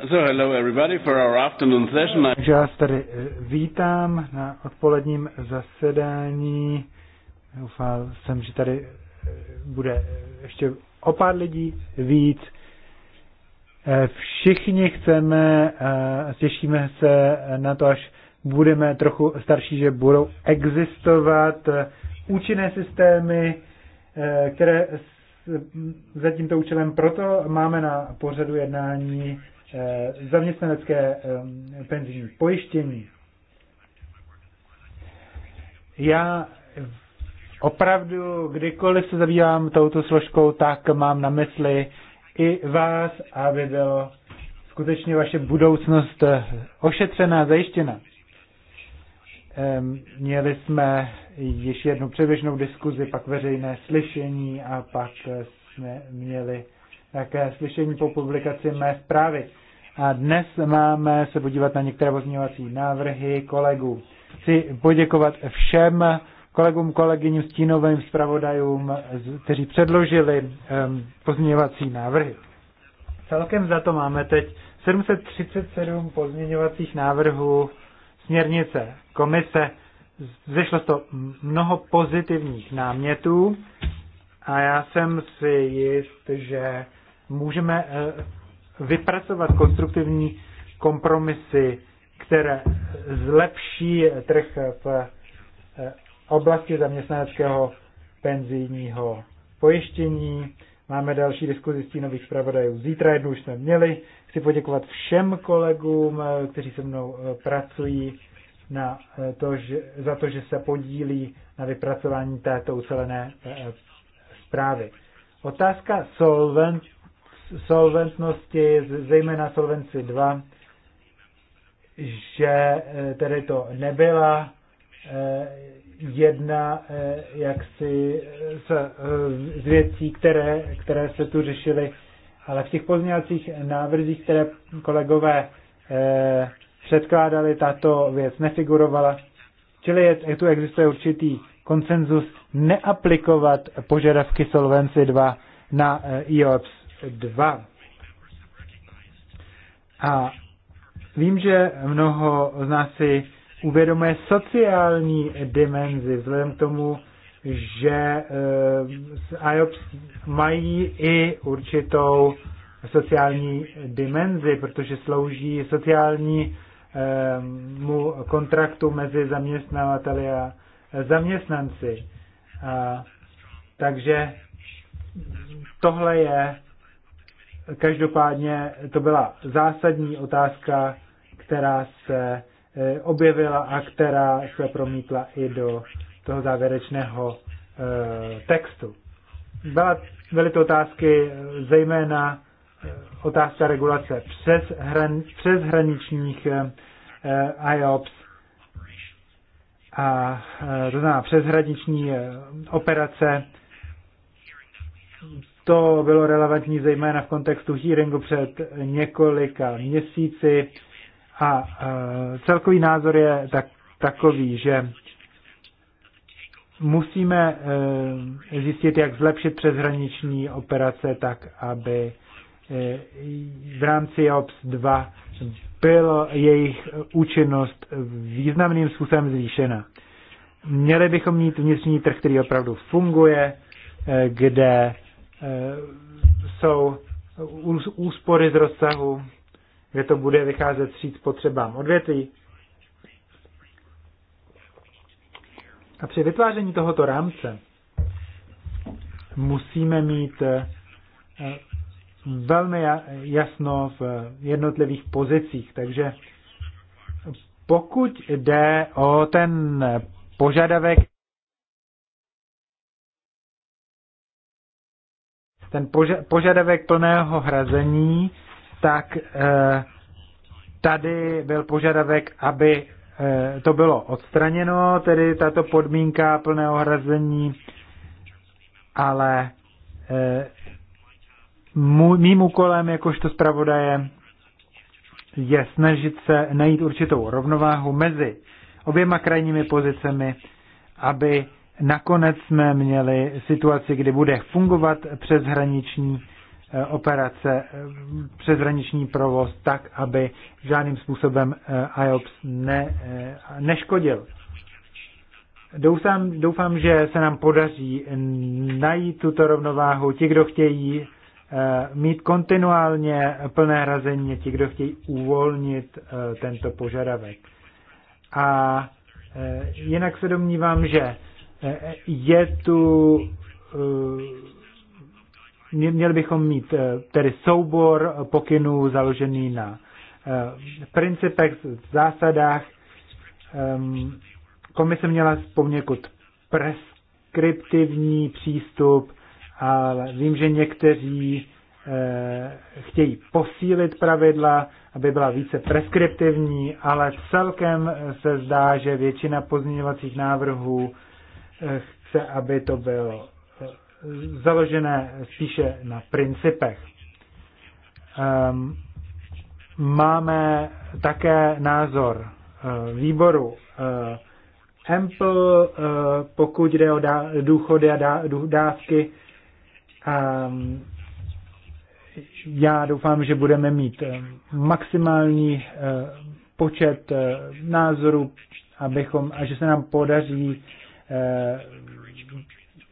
So hello everybody for our afternoon session. Takže vás tady eh, vítám na odpoledním zasedání. Doufal jsem, že tady eh, bude ještě o pár lidí víc. Eh, všichni chceme, těšíme se na to, až budeme trochu starší, že budou existovat účinné systémy, které za tímto účelem proto máme na pořadu jednání Eh, zaměstnanecké eh, penzijní pojištění. Já opravdu, kdykoliv se zabývám touto složkou, tak mám na mysli i vás, aby bylo skutečně vaše budoucnost eh, ošetřená, zajištěna. Měli jsme již jednu převěžnou diskuzi, pak veřejné slyšení a pak jsme měli také slyšení po publikaci mé zprávy. A dnes máme se podívat na některé pozměňovací návrhy kolegů. Chci poděkovat všem kolegům, kolegyním, stínovým zpravodajům, kteří předložili pozměňovací návrhy. Celkem za to máme teď 737 pozměňovacích návrhů směrnice komise. Zešlo to mnoho pozitivních námětů a já jsem si jist, že můžeme eh, vypracovat konstruktivní kompromisy, které zlepší trh v eh, oblasti zaměstnaneckého penzijního pojištění. Máme další diskuzi s nových zpravodajů. Zítra jednu už jsme měli. Chci poděkovat všem kolegům, eh, kteří se mnou eh, pracují na to, že, za to, že se podílí na vypracování této ucelené zprávy. Otázka solvent, solventnosti, zejména solvenci 2, že eh, tedy to nebyla eh, jedna eh, jaksi z, věcí, které, které se tu řešily, ale v těch pozměňovacích návrzích, které kolegové předkládali, tato věc nefigurovala. Čili je, tu existuje určitý konsenzus neaplikovat požadavky Solvency 2 na IOPS 2. A vím, že mnoho z nás si uvědomuje sociální dimenzi, vzhledem k tomu, že e, IOPS mají i určitou sociální dimenzi, protože slouží sociálnímu eh, kontraktu mezi zaměstnavateli a zaměstnanci. A, takže tohle je Každopádně to byla zásadní otázka, která se eh, objevila a která se promítla i do toho závěrečného eh, textu. Byla, byly to otázky eh, zejména otázka regulace přes, hran, přes hraničních IOPS a to znamená přeshraniční operace to bylo relevantní zejména v kontextu hearingu před několika měsíci a e, celkový názor je tak, takový, že musíme e, zjistit, jak zlepšit přeshraniční operace tak, aby e, v rámci OPS 2 byla jejich účinnost významným způsobem zvýšena. Měli bychom mít vnitřní trh, který opravdu funguje, kde Eh, jsou úspory z rozsahu, kde to bude vycházet vstříc potřebám odvětví. A při vytváření tohoto rámce musíme mít eh, velmi jasno v jednotlivých pozicích. Takže pokud jde o ten požadavek ten požadavek plného hrazení, tak eh, tady byl požadavek, aby eh, to bylo odstraněno, tedy tato podmínka plného hrazení, ale eh, mým úkolem jakožto zpravodaje je snažit se najít určitou rovnováhu mezi oběma krajními pozicemi, aby nakonec jsme měli situaci, kdy bude fungovat přeshraniční eh, operace, eh, přeshraniční provoz tak, aby žádným způsobem eh, IOPS ne, neškodil. Doufám, doufám, že se nám podaří najít tuto rovnováhu. Ti, kdo chtějí mít kontinuálně plné hrazení, ti, kdo chtějí uvolnit tento požadavek. A jinak se domnívám, že Eh, je tu, eh, měli bychom mít eh, tedy soubor pokynů založený na principech, zásadách. Ehm, komise měla poněkud preskriptivní přístup, ale vím, že někteří chtějí posílit pravidla, aby byla více preskriptivní, ale celkem se zdá, že většina pozměňovacích návrhů chce, aby to bylo založené spíše na principech. Ehm, máme také názor eh, výboru eh, Ample, eh, pokud jde o důchody a dávky. Ehm, já doufám, že budeme mít maximální počet názorů, abychom, a že se nám podaří Eh,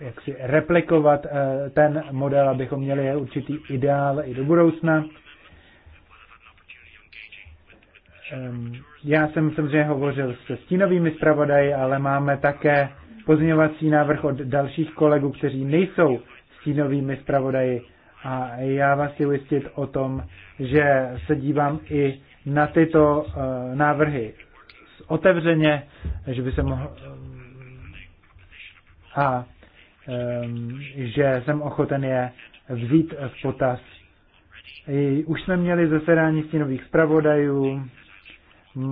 jak si replikovat eh, ten model, abychom měli určitý ideál i do budoucna. Ehm, já jsem samozřejmě hovořil se stínovými zpravodaji, ale máme také pozměňovací návrh od dalších kolegů, kteří nejsou stínovými zpravodaji. A já vás chci ujistit o tom, že se dívám i na tyto eh, návrhy otevřeně, že by se mohl, a že jsem ochoten je vzít v potaz. Už jsme měli zasedání stínových zpravodajů,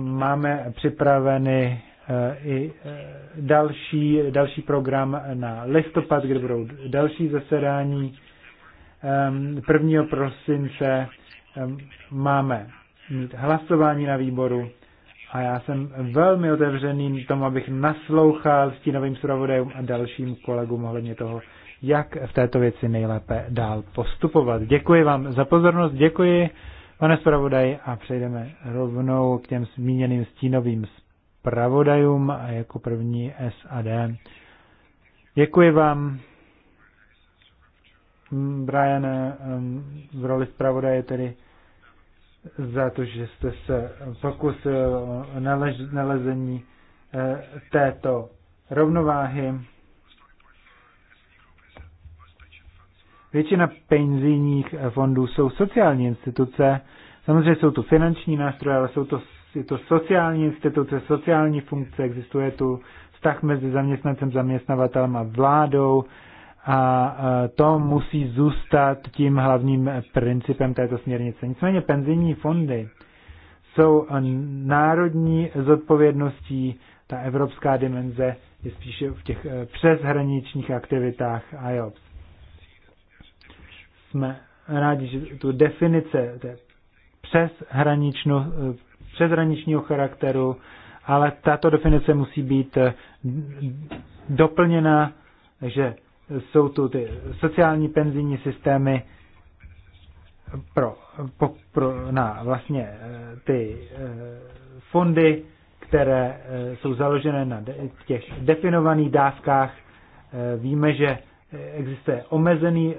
máme připraveny eh, i eh, další, další program na listopad, kde budou další zasedání. 1. prosince máme mít hlasování na výboru a já jsem velmi otevřený tomu, abych naslouchal stínovým zpravodajům a dalším kolegům ohledně toho, jak v této věci nejlépe dál postupovat. Děkuji vám za pozornost, děkuji pane zpravodaj a přejdeme rovnou k těm zmíněným stínovým zpravodajům a jako první SAD. Děkuji vám, mm, Brian, mm, v roli zpravodaje tedy za to, že jste se pokusil o nalež, nalezení eh, této rovnováhy. Většina penzijních eh, fondů jsou sociální instituce. Samozřejmě jsou tu finanční nástroje, ale jsou to, je to sociální instituce, sociální funkce. Existuje tu vztah mezi zaměstnancem, zaměstnavatelem a vládou. A e, to musí zůstat tím hlavním principem této směrnice. Nicméně penzijní fondy jsou národní zodpovědností, ta evropská dimenze je spíše v těch e, přeshraničních aktivitách IOPS. Jsme rádi, že tu definice té e, přeshraničního charakteru, ale tato definice musí být doplněna, že jsou tu ty sociální penzijní systémy pro, po, pro, na vlastně eh, ty eh, fondy, které eh, jsou založené na těch definovaných dávkách. Víme, že existuje omezený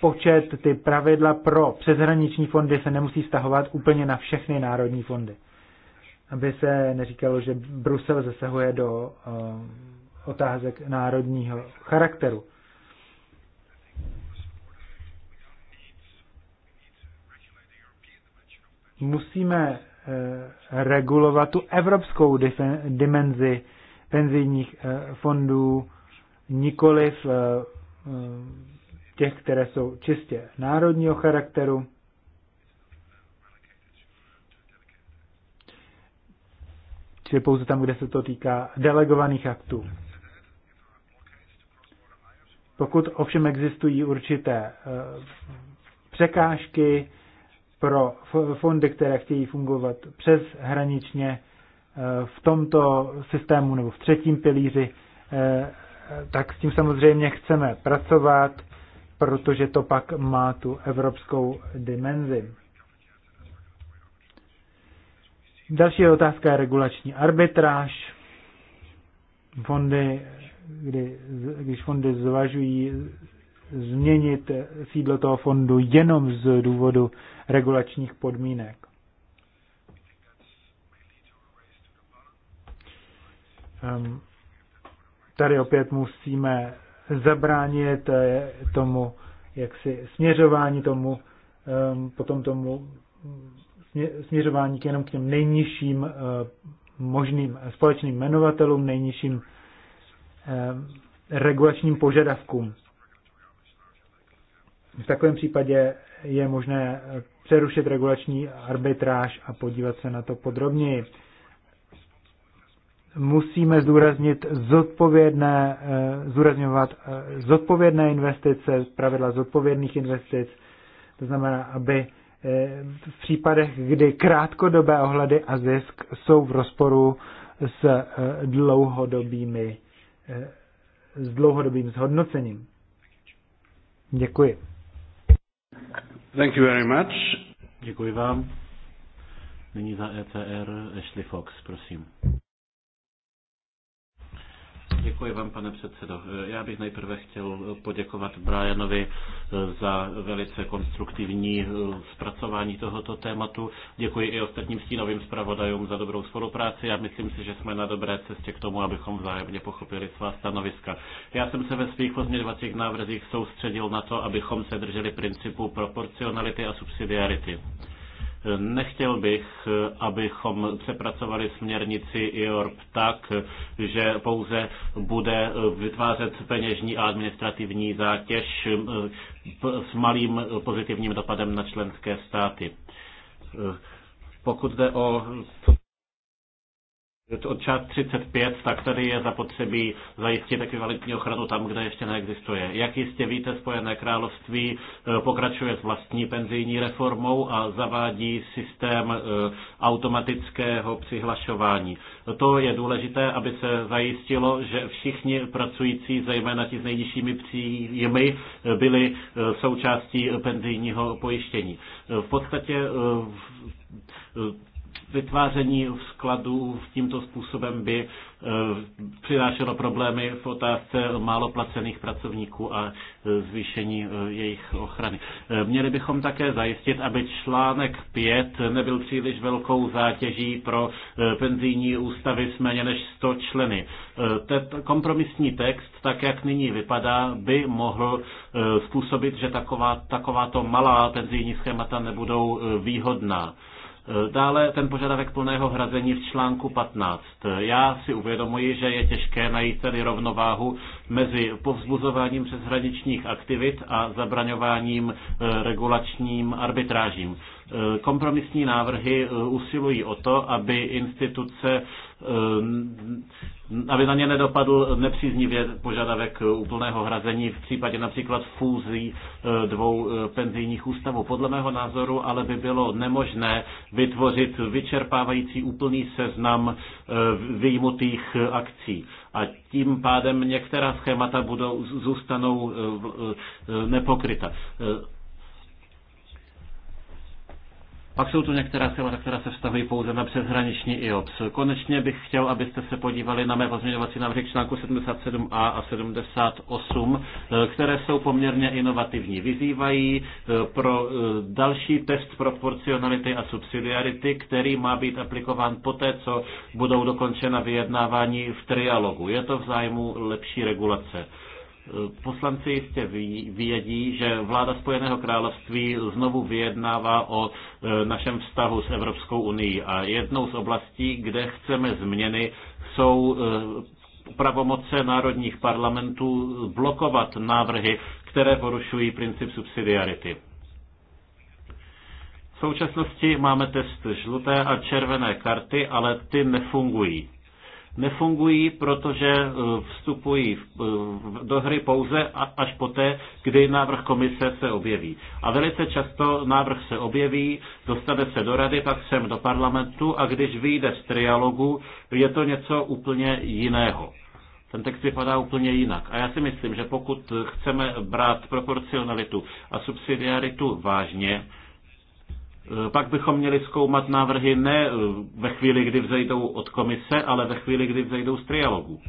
počet, ty pravidla pro přeshraniční fondy se nemusí stahovat úplně na všechny národní fondy. Aby se neříkalo, že Brusel zasahuje do otázek národního charakteru. Musíme eh, regulovat tu evropskou dimenzi penzijních eh, fondů, nikoliv eh, těch, které jsou čistě národního charakteru. Čili pouze tam, kde se to týká delegovaných aktů. Pokud ovšem existují určité eh, překážky pro fondy, které chtějí fungovat přes hraničně eh, v tomto systému nebo v třetím pilíři, eh, tak s tím samozřejmě chceme pracovat, protože to pak má tu evropskou dimenzi. Další otázka je regulační arbitráž. Fondy kdy, když fondy zvažují změnit sídlo toho fondu jenom z důvodu regulačních podmínek. Ehm, tady opět musíme zabránit eh, tomu, jak si směřování tomu, ehm, potom tomu směřování k jenom k těm nejnižším eh, možným společným jmenovatelům, nejnižším Eh, regulačním požadavkům. V takovém případě je možné přerušit regulační arbitráž a podívat se na to podrobněji. Musíme zdůraznit zodpovědné, eh, zúrazňovat eh, zodpovědné investice, pravidla zodpovědných investic, to znamená, aby v případech, kdy krátkodobé ohledy a zisk jsou v rozporu s dlouhodobými s dlouhodobým zhodnocením. Děkuji. Thank you very much. Děkuji vám. Nyní za ECR Ashley Fox, prosím. Děkuji vám, pane předsedo. Já bych nejprve chtěl poděkovat Brianovi eh, za velice konstruktivní eh, zpracování tohoto tématu. Děkuji i ostatním stínovým zpravodajům za dobrou spolupráci. Já myslím si, že jsme na dobré cestě k tomu, abychom vzájemně pochopili svá stanoviska. Já jsem se ve svých pozměňovacích návrzích soustředil na to, abychom se drželi principu proporcionality a subsidiarity. Nechtěl bych, abychom přepracovali směrnici IORP tak, že pouze bude vytvářet peněžní a administrativní zátěž s malým pozitivním dopadem na členské státy. Pokud jde o od část 35, tak tady je zapotřebí zajistit ekvivalentní ochranu tam, kde ještě neexistuje. Jak jistě víte, Spojené království eh, pokračuje s vlastní penzijní reformou a zavádí systém eh, automatického přihlašování. To je důležité, aby se zajistilo, že všichni pracující, zejména ti s nejnižšími příjmy, eh, byli součástí penzijního pojištění. V podstatě vytváření skladů tímto způsobem by eh, přinášelo problémy v otázce málo placených pracovníků a eh, zvýšení eh, jejich ochrany. Měli bychom také zajistit, aby článek 5 nebyl příliš velkou zátěží pro penzijní ústavy s méně než 100 členy. Ten kompromisní text, tak jak nyní vypadá, by mohl způsobit, že taková, takováto malá penzijní schémata nebudou výhodná Dále ten požadavek plného hrazení v článku 15. Já si uvědomuji, že je těžké najít tady rovnováhu mezi povzbuzováním přeshraničních aktivit a zabraňováním e, regulačním arbitrážím. E, kompromisní návrhy e, usilují o to, aby instituce aby na ně nedopadl nepříznivě požadavek úplného hrazení v případě například fúzí e, dvou e, penzijních ústavů. Podle mého názoru ale by bylo nemožné vytvořit vyčerpávající úplný seznam e, vyjmutých akcí. A tím pádem některá schémata budou, zůstanou nepokryta. Pak jsou tu některá sila, která se vztahují pouze na přeshraniční IOPS. Konečně bych chtěl, abyste se podívali na mé pozměňovací návrhy článku 77a a 78, eh, které jsou poměrně inovativní. Vyzývají eh, pro eh, další test proporcionality a subsidiarity, který má být aplikován poté, co budou dokončena vyjednávání v trialogu. Je to v zájmu lepší regulace. Poslanci jistě vědí, že vláda Spojeného království znovu vyjednává o e, našem vztahu s Evropskou unii a jednou z oblastí, kde chceme změny, jsou e, pravomoce národních parlamentů blokovat návrhy, které porušují princip subsidiarity. V současnosti máme test žluté a červené karty, ale ty nefungují nefungují, protože eh, vstupují eh, do hry pouze až poté, kdy návrh komise se objeví. A velice často návrh se objeví, dostane se do rady, pak sem do parlamentu a když vyjde z trialogu, je to něco úplně jiného. Ten text vypadá úplně jinak. A já si myslím, že pokud chceme brát proporcionalitu a subsidiaritu vážně, Eh, pak bychom měli zkoumat návrhy ne eh, ve chvíli, kdy vzejdou od komise, ale ve chvíli, kdy vzejdou z trialogu.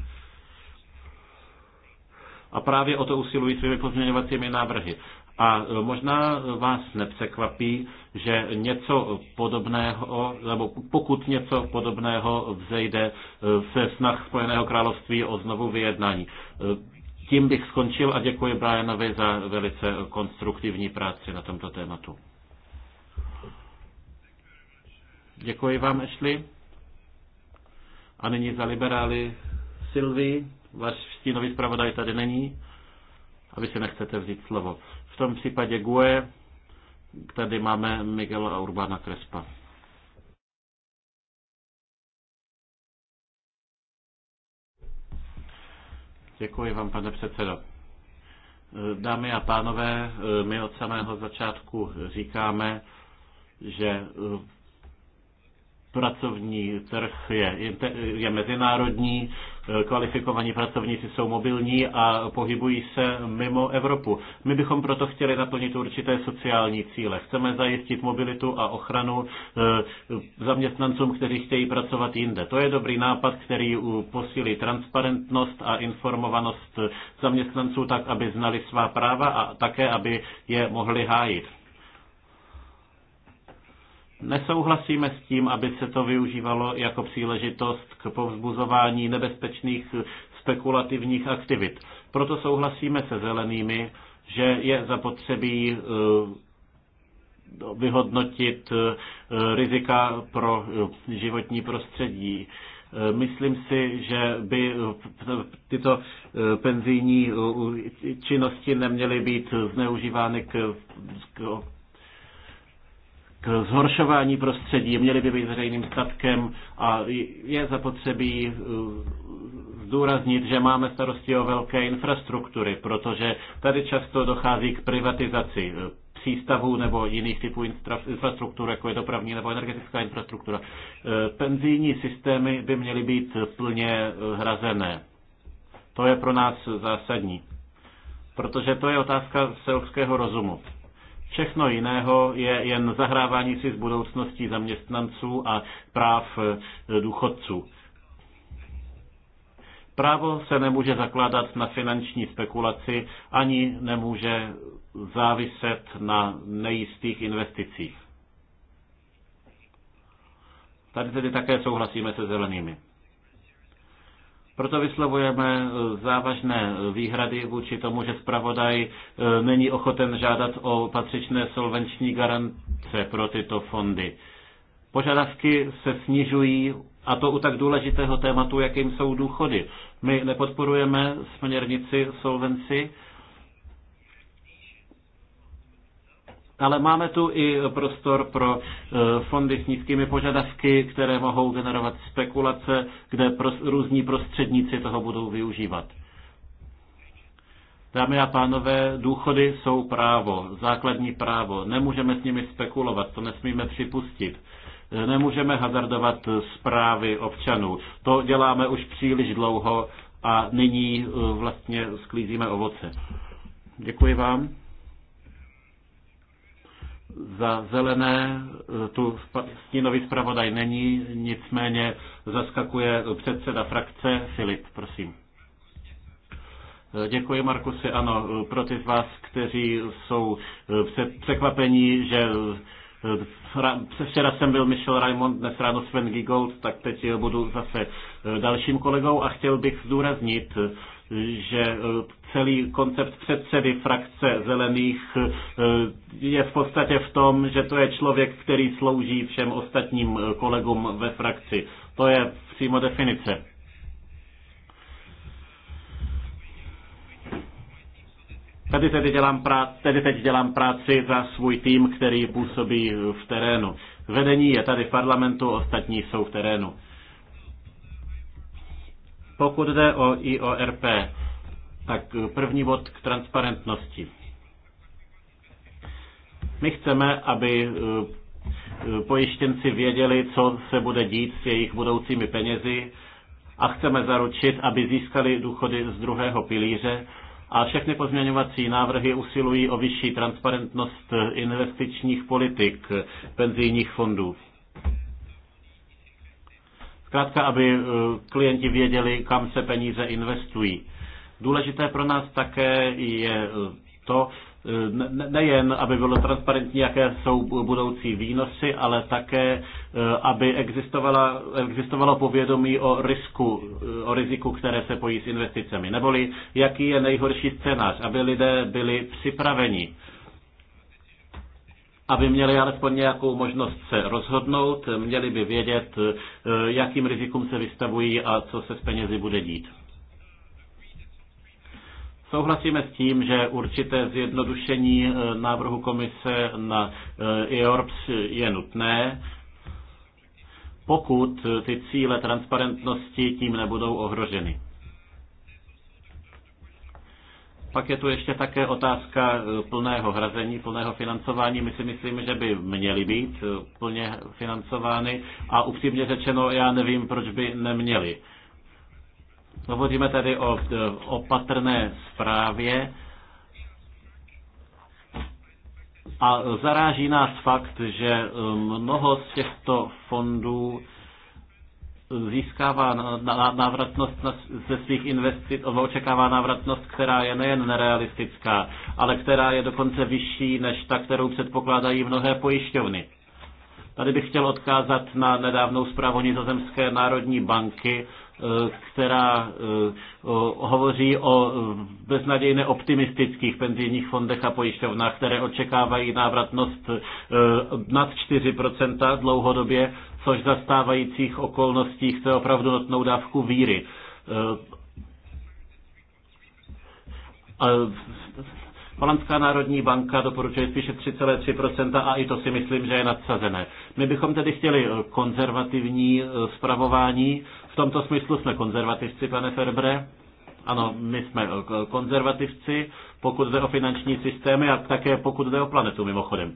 A právě o to usilují svými pozměňovacími návrhy. A eh, možná vás nepřekvapí, že něco podobného, nebo pokud něco podobného vzejde se snah Spojeného království o znovu vyjednání. Tím bych skončil a děkuji Brianovi za velice konstruktivní práci na tomto tématu. Děkuji vám, Ashley. A nyní za liberály Silvi, váš stínový zpravodaj tady není a vy si nechcete vzít slovo. V tom případě GUE, tady máme Miguel a Urbana Krespa. Děkuji vám, pane předsedo. Dámy a pánové, my od samého začátku říkáme, že pracovní trh je, je mezinárodní, eh, kvalifikovaní pracovníci jsou mobilní a pohybují se mimo Evropu. My bychom proto chtěli naplnit určité sociální cíle. Chceme zajistit mobilitu a ochranu eh, zaměstnancům, kteří chtějí pracovat jinde. To je dobrý nápad, který posílí transparentnost a informovanost zaměstnanců tak, aby znali svá práva a také, aby je mohli hájit. Nesouhlasíme s tím, aby se to využívalo jako příležitost k povzbuzování nebezpečných spekulativních aktivit. Proto souhlasíme se zelenými, že je zapotřebí eh, vyhodnotit eh, rizika pro eh, životní prostředí. Myslím si, že by tyto penzijní činnosti neměly být zneužívány k, k k zhoršování prostředí, měly by být veřejným statkem a je zapotřebí eh, zdůraznit, že máme starosti o velké infrastruktury, protože tady často dochází k privatizaci eh, přístavů nebo jiných typů infrastruktur, jako je dopravní nebo energetická infrastruktura. Eh, penzijní systémy by měly být plně hrazené. To je pro nás zásadní, protože to je otázka selského rozumu. Všechno jiného je jen zahrávání si s budoucností zaměstnanců a práv eh, důchodců. Právo se nemůže zakládat na finanční spekulaci ani nemůže záviset na nejistých investicích. Tady tedy také souhlasíme se zelenými. Proto vyslovujeme eh, závažné eh, výhrady vůči tomu, že zpravodaj eh, není ochoten žádat o patřičné solvenční garance pro tyto fondy. Požadavky se snižují a to u tak důležitého tématu, jakým jsou důchody. My nepodporujeme směrnici solvenci, ale máme tu i prostor pro e, fondy s nízkými požadavky, které mohou generovat spekulace, kde různí prostředníci toho budou využívat. Dámy a pánové, důchody jsou právo, základní právo. Nemůžeme s nimi spekulovat, to nesmíme připustit. E, nemůžeme hazardovat zprávy občanů. To děláme už příliš dlouho a nyní e, vlastně sklízíme ovoce. Děkuji vám. Za zelené tu stínový zpravodaj není, nicméně zaskakuje předseda frakce Filip, prosím. Děkuji, Markusy Ano, pro ty z vás, kteří jsou eh, překvapení, že eh, Včera jsem byl Michel Raymond, dnes ráno Sven Gigold, tak teď budu zase eh, dalším kolegou a chtěl bych zdůraznit, že e, celý koncept předsedy frakce zelených e, je v podstatě v tom, že to je člověk, který slouží všem ostatním e, kolegům ve frakci. To je přímo definice. Tady tedy dělám, práci, tady teď dělám práci za svůj tým, který působí v terénu. Vedení je tady v parlamentu, ostatní jsou v terénu. Pokud jde o IORP, tak první bod k transparentnosti. My chceme, aby eh, eh, pojištěnci věděli, co se bude dít s jejich budoucími penězi a chceme zaručit, aby získali důchody z druhého pilíře a všechny pozměňovací návrhy usilují o vyšší transparentnost eh, investičních politik penzijních fondů. Zkrátka, aby eh, klienti věděli, kam se peníze investují. Důležité pro nás také je eh, to, eh, nejen, aby bylo transparentní, jaké jsou budoucí výnosy, ale také, aby existovala, existovalo povědomí o risku, o riziku, které se pojí s investicemi. Neboli, jaký je nejhorší scénář, aby lidé byli připraveni aby měli alespoň nějakou možnost se rozhodnout, měli by vědět, eh, jakým rizikům se vystavují a co se s penězi bude dít. Souhlasíme s tím, že určité zjednodušení eh, návrhu komise na EORPS eh, e je nutné, pokud ty cíle transparentnosti tím nebudou ohroženy. Pak je tu ještě také otázka eh, plného hrazení, plného financování. My si myslíme, že by měly být eh, plně financovány a upřímně řečeno, já nevím, proč by neměly. Hovoříme tady o eh, opatrné zprávě a zaráží nás fakt, že mnoho z těchto fondů získává návratnost ze svých investic, očekává návratnost, která je nejen nerealistická, ale která je dokonce vyšší než ta, kterou předpokládají mnohé pojišťovny. Tady bych chtěl odkázat na nedávnou zprávu Nizozemské národní banky, eh, která eh, hovoří o eh, beznadějně optimistických penzijních fondech a pojišťovnách, které očekávají návratnost nad 4% dlouhodobě, což za stávajících okolností chce opravdu notnou dávku víry. Holandská národní banka doporučuje spíše 3,3% a i to si myslím, že je nadsazené. My bychom tedy chtěli eh, konzervativní zpravování. Eh, v tomto smyslu jsme konzervativci, pane Ferbre. Ano, my jsme eh, konzervativci, pokud jde o finanční systémy a také pokud jde o planetu mimochodem.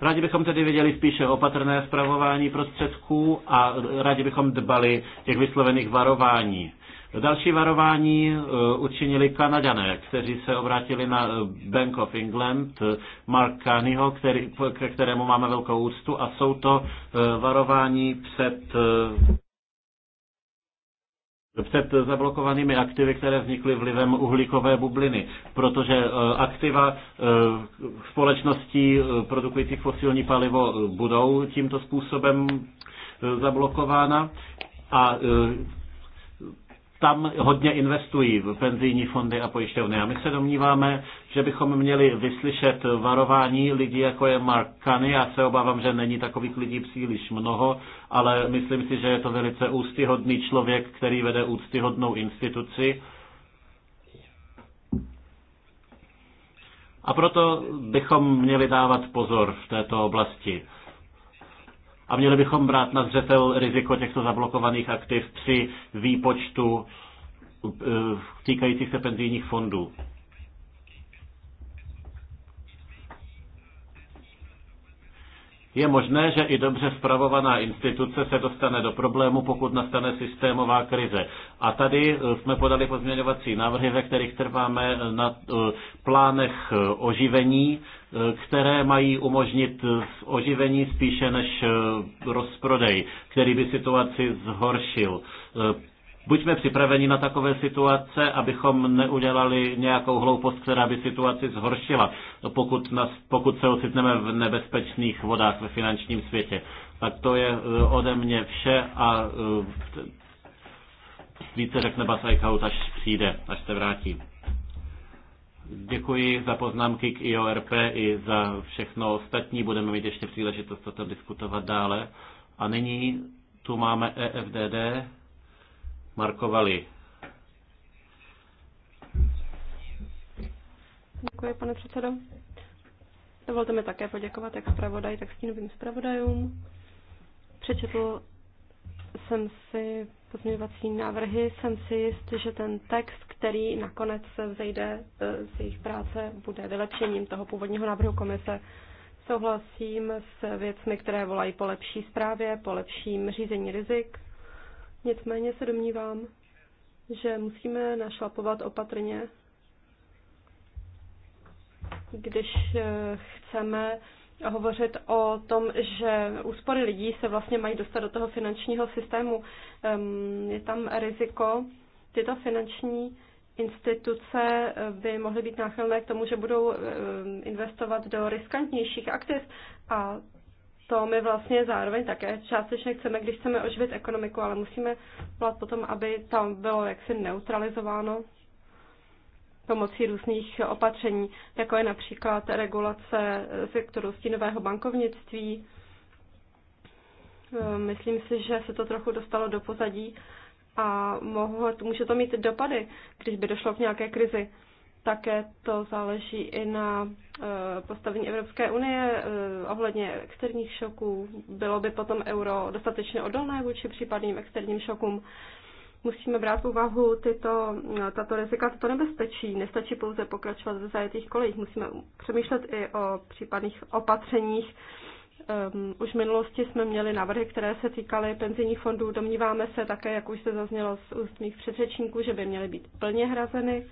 Rádi bychom tedy viděli spíše opatrné zpravování prostředků a rádi bychom dbali těch vyslovených varování. Další varování eh, učinili Kanaďané, kteří se obrátili na eh, Bank of England, eh, Mark Carneyho, který, k kterému máme velkou úctu, a jsou to varování před před zablokovanými aktivy, které vznikly vlivem uhlíkové bubliny, protože aktiva společností produkujících fosilní palivo budou tímto způsobem zablokována a tam hodně investují v penzijní fondy a pojišťovny. A my se domníváme, že bychom měli vyslyšet varování lidí, jako je Mark Kany. Já se obávám, že není takových lidí příliš mnoho, ale myslím si, že je to velice úctyhodný člověk, který vede úctyhodnou instituci. A proto bychom měli dávat pozor v této oblasti. A měli bychom brát na zřetel riziko těchto zablokovaných aktiv při výpočtu eh, týkajících se penzijních fondů. Je možné, že i dobře spravovaná instituce se dostane do problému, pokud nastane systémová krize. A tady eh, jsme podali pozměňovací návrhy, ve kterých trváme na eh, plánech eh, oživení, které mají umožnit oživení spíše než rozprodej, který by situaci zhoršil. Buďme připraveni na takové situace, abychom neudělali nějakou hloupost, která by situaci zhoršila, pokud, nás, pokud se ocitneme v nebezpečných vodách ve finančním světě. Tak to je eh, ode mě vše a eh, více řekne Basajkaut, až přijde, až se vrátí. Děkuji za poznámky k IORP i za všechno ostatní. Budeme mít ještě příležitost o tom diskutovat dále. A nyní tu máme EFDD. Markovali. Děkuji, pane předsedo. Dovolte mi také poděkovat jak zpravodaj, tak stínovým zpravodajům. Přečetl jsem si pozměňovací návrhy, jsem si jist, že ten text, který nakonec vzejde e, z jejich práce, bude vylepšením toho původního návrhu komise. Souhlasím s věcmi, které volají po lepší zprávě, po lepším řízení rizik, Nicméně se domnívám, že musíme našlapovat opatrně, když eh, chceme hovořit o tom, že úspory lidí se vlastně mají dostat do toho finančního systému. Ehm, je tam riziko, tyto finanční instituce eh, by mohly být náchylné k tomu, že budou eh, investovat do riskantnějších aktiv a to my vlastně zároveň také částečně chceme, když chceme oživit ekonomiku, ale musíme volat potom, aby tam bylo jaksi neutralizováno pomocí různých opatření, jako je například regulace sektoru stínového bankovnictví. Ehm, myslím si, že se to trochu dostalo do pozadí a mohlo, může to mít dopady, když by došlo k nějaké krizi. Také to záleží i na e, postavení Evropské unie e, ohledně externích šoků. Bylo by potom euro dostatečně odolné vůči případným externím šokům. Musíme brát v úvahu tyto, e, tato rizika, toto nebezpečí. Nestačí pouze pokračovat ve zajetých kolejích. Musíme přemýšlet i o případných opatřeních. Um, už v minulosti jsme měli návrhy, které se týkaly penzijních fondů. Domníváme se také, jak už se zaznělo z úst mých předřečníků, že by měly být plně hrazeny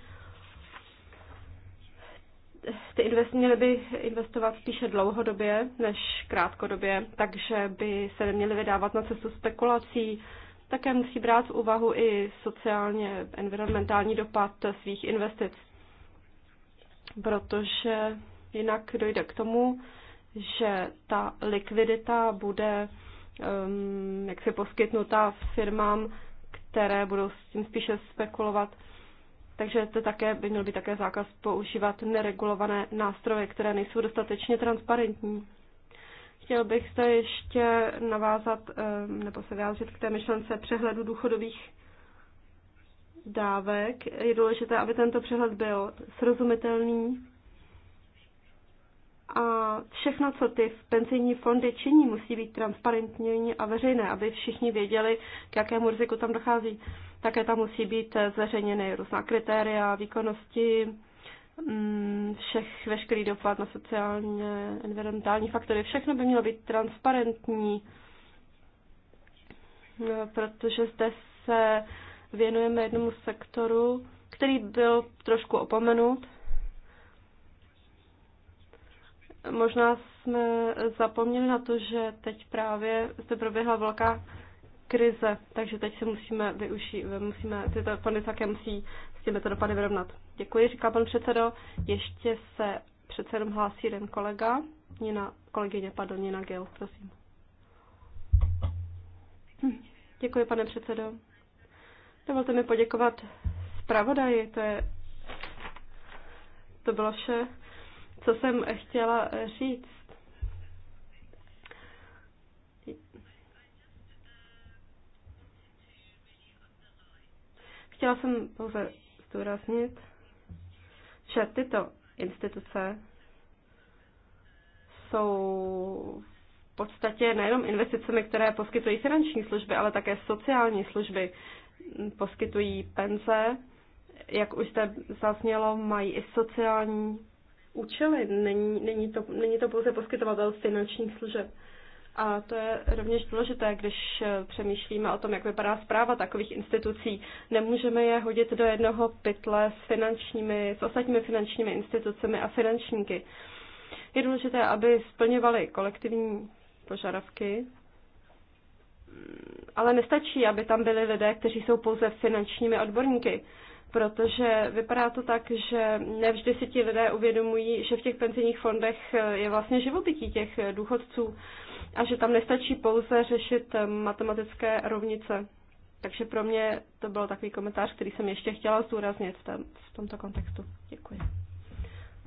ty investy měly by investovat spíše dlouhodobě než krátkodobě, takže by se neměly vydávat na cestu spekulací. Také musí brát v úvahu i sociálně environmentální dopad svých investic, protože jinak dojde k tomu, že ta likvidita bude um, jaksi poskytnutá firmám, které budou s tím spíše spekulovat. Takže to také by měl být také zákaz používat neregulované nástroje, které nejsou dostatečně transparentní. Chtěl bych se ještě navázat nebo se vyjádřit k té myšlence přehledu důchodových dávek. Je důležité, aby tento přehled byl srozumitelný a všechno, co ty penzijní fondy činí, musí být transparentní a veřejné, aby všichni věděli, k jakému riziku tam dochází. Také tam musí být zveřejněny různá kritéria výkonnosti, mm, všech, veškerý dopad na sociálně, environmentální faktory. Všechno by mělo být transparentní, no, protože zde se věnujeme jednomu sektoru, který byl trošku opomenut. Možná jsme zapomněli na to, že teď právě zde proběhla velká krize, takže teď se musíme využít, musíme, tyto fondy také musí s těmito dopady vyrovnat. Děkuji, říká pan předsedo. Ještě se přece jenom hlásí jeden kolega, Nina, kolegyně, pardon, Nina Gil, prosím. Hm. Děkuji, pane předsedo. Dovolte mi poděkovat zpravodaji, to je, to bylo vše, co jsem chtěla říct. Chtěla jsem pouze zdůraznit, že tyto instituce jsou v podstatě nejenom investicemi, které poskytují finanční služby, ale také sociální služby. Poskytují penze, jak už jste zaznělo, mají i sociální účely. Není, není, to, není to pouze poskytovatel finančních služeb. A to je rovněž důležité, když eh, přemýšlíme o tom, jak vypadá zpráva takových institucí. Nemůžeme je hodit do jednoho pytle s, finančními, s ostatními finančními institucemi a finančníky. Je důležité, aby splňovali kolektivní požadavky, ale nestačí, aby tam byli lidé, kteří jsou pouze finančními odborníky protože vypadá to tak, že nevždy si ti lidé uvědomují, že v těch penzijních fondech eh, je vlastně živobytí těch eh, důchodců a že tam nestačí pouze řešit eh, matematické rovnice. Takže pro mě to byl takový komentář, který jsem ještě chtěla zdůraznit v, tém, v tomto kontextu. Děkuji.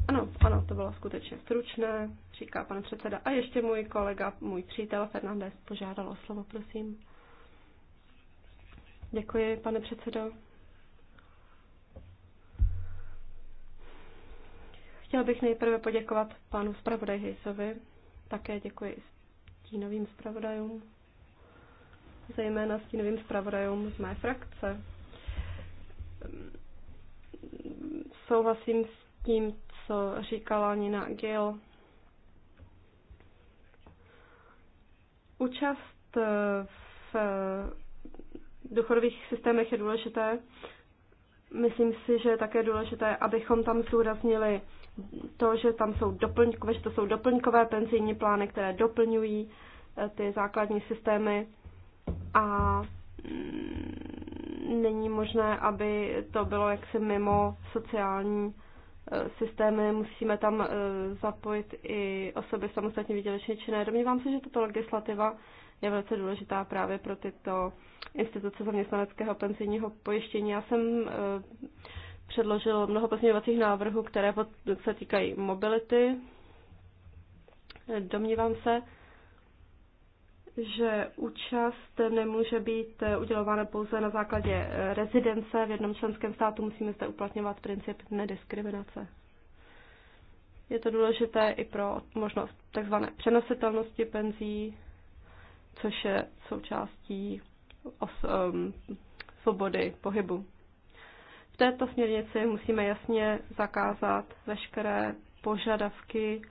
Ano, ano, to bylo skutečně stručné, říká pan předseda. A ještě můj kolega, můj přítel Fernandez požádal o slovo, prosím. Děkuji, pane předsedo. Chtěl bych nejprve poděkovat panu zpravodaj Hejsovi. Také děkuji stínovým zpravodajům, zejména stínovým zpravodajům z mé frakce. Souhlasím s tím, co říkala Nina Gill. Účast v duchových systémech je důležité, Myslím si, že je také důležité, abychom tam zúraznili to, že tam jsou doplňkové, že to jsou doplňkové penzijní plány, které doplňují eh, ty základní systémy a mm, není možné, aby to bylo jaksi mimo sociální eh, systémy. Musíme tam eh, zapojit i osoby samostatně výdělečně činné. Domnívám se, že tato legislativa je velice důležitá právě pro tyto instituce zaměstnaneckého penzijního pojištění. Já jsem eh, předložil mnoho pozměňovacích návrhů, které se týkají mobility. Domnívám se, že účast nemůže být eh, udělována pouze na základě eh, rezidence v jednom členském státu. Musíme zde uplatňovat princip nediskriminace. Je to důležité i pro možnost tzv. přenositelnosti penzí, což je součástí os, um, svobody pohybu. V této směrnici musíme jasně zakázat veškeré požadavky,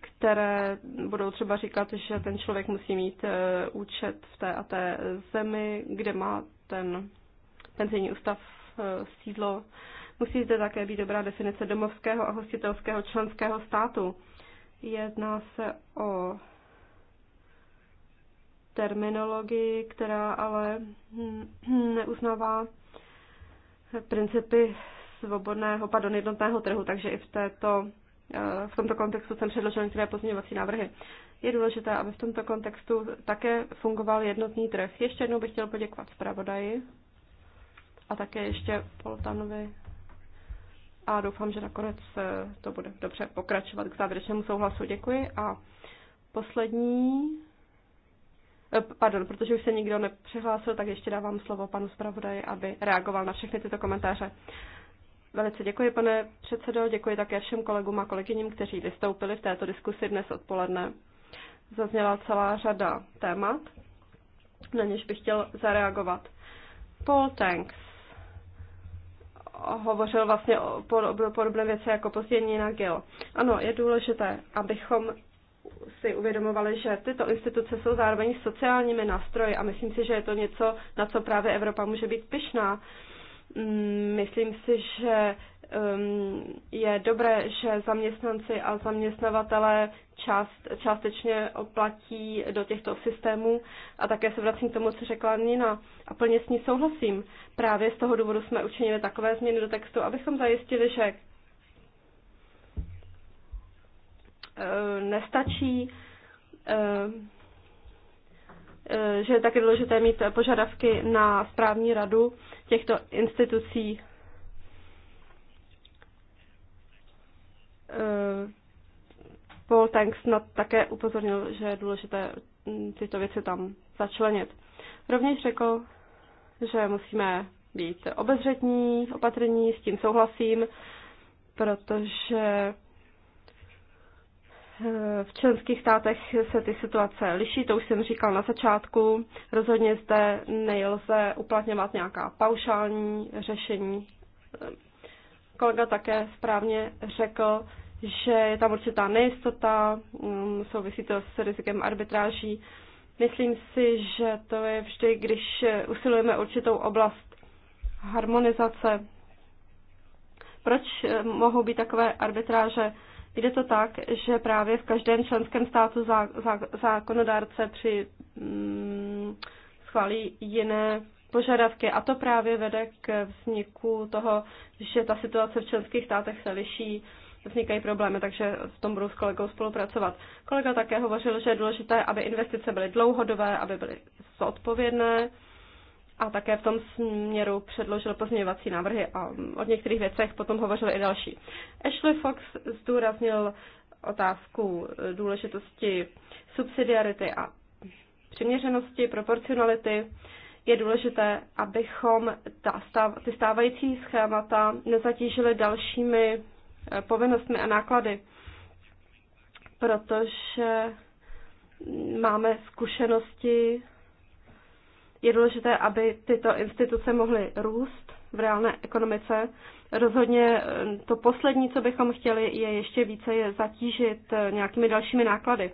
které budou třeba říkat, že ten člověk musí mít eh, účet v té a té zemi, kde má ten penzijní ústav eh, sídlo. Musí zde také být dobrá definice domovského a hostitelského členského státu. Jedná se o terminologii, která ale neuznává principy svobodného, pardon, jednotného trhu, takže i v, této, eh, v tomto kontextu jsem předložil některé pozměňovací návrhy. Je důležité, aby v tomto kontextu také fungoval jednotný trh. Ještě jednou bych chtěl poděkovat zpravodaji a také ještě Poltanovi a doufám, že nakonec eh, to bude dobře pokračovat k závěrečnému souhlasu. Děkuji a poslední, eh, pardon, protože už se nikdo nepřihlásil, tak ještě dávám slovo panu zpravodaji, aby reagoval na všechny tyto komentáře. Velice děkuji, pane předsedo, děkuji také všem kolegům a kolegyním, kteří vystoupili v této diskusi dnes odpoledne. Zazněla celá řada témat, na něž bych chtěl zareagovat. Paul Tanks hovořil vlastně o podobné věci jako pozdění na GIL. Ano, je důležité, abychom si uvědomovali, že tyto instituce jsou zároveň sociálními nástroji a myslím si, že je to něco, na co právě Evropa může být pyšná. Mm, myslím si, že Um, je dobré, že zaměstnanci a zaměstnavatele část, částečně oplatí do těchto systémů a také se vracím k tomu, co řekla Nina a plně s ní souhlasím. Právě z toho důvodu jsme učinili takové změny do textu, abychom zajistili, že eh, nestačí eh, eh, že je také důležité mít požadavky na správní radu těchto institucí Eh, Paul Tank snad také upozornil, že je důležité mm, tyto věci tam začlenit. Rovněž řekl, že musíme být obezřetní, opatrní, s tím souhlasím, protože eh, v členských státech se ty situace liší, to už jsem říkal na začátku. Rozhodně zde nejlze uplatňovat nějaká paušální řešení. Kolega také správně řekl, že je tam určitá nejistota, mm, souvisí to s rizikem arbitráží. Myslím si, že to je vždy, když usilujeme určitou oblast harmonizace. Proč eh, mohou být takové arbitráže? Jde to tak, že právě v každém členském státu zá, zá, zákonodárce při mm, schválí jiné požadavky a to právě vede k vzniku toho, že ta situace v členských státech se liší vznikají problémy, takže v tom budu s kolegou spolupracovat. Kolega také hovořil, že je důležité, aby investice byly dlouhodobé, aby byly zodpovědné a také v tom směru předložil pozměňovací návrhy a o některých věcech potom hovořili i další. Ashley Fox zdůraznil otázku důležitosti subsidiarity a přiměřenosti, proporcionality. Je důležité, abychom ta stav, ty stávající schémata nezatížili dalšími povinnostmi a náklady, protože máme zkušenosti. Je důležité, aby tyto instituce mohly růst v reálné ekonomice. Rozhodně eh, to poslední, co bychom chtěli, je ještě více je zatížit eh, nějakými dalšími náklady.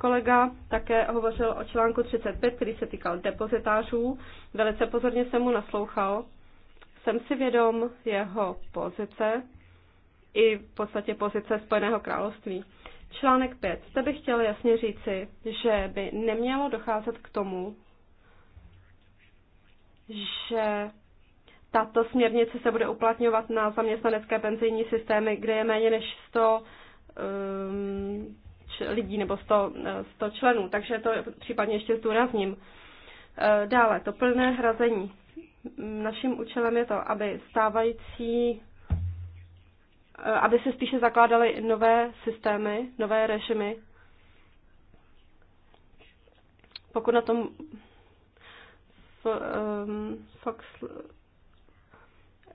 Kolega také hovořil o článku 35, který se týkal depozitářů. Velice pozorně jsem mu naslouchal. Jsem si vědom jeho pozice, i v podstatě pozice Spojeného království. Článek 5. Zde bych chtěl jasně říci, že by nemělo docházet k tomu, že tato směrnice se bude uplatňovat na zaměstnanecké penzijní systémy, kde je méně než 100 um, lidí nebo 100, 100 eh, členů. Takže to případně ještě zdůrazním. Eh, dále, to plné hrazení. Naším účelem je to, aby stávající Eh, aby se spíše zakládaly nové systémy, nové režimy. Pokud na tom ehm, Fox,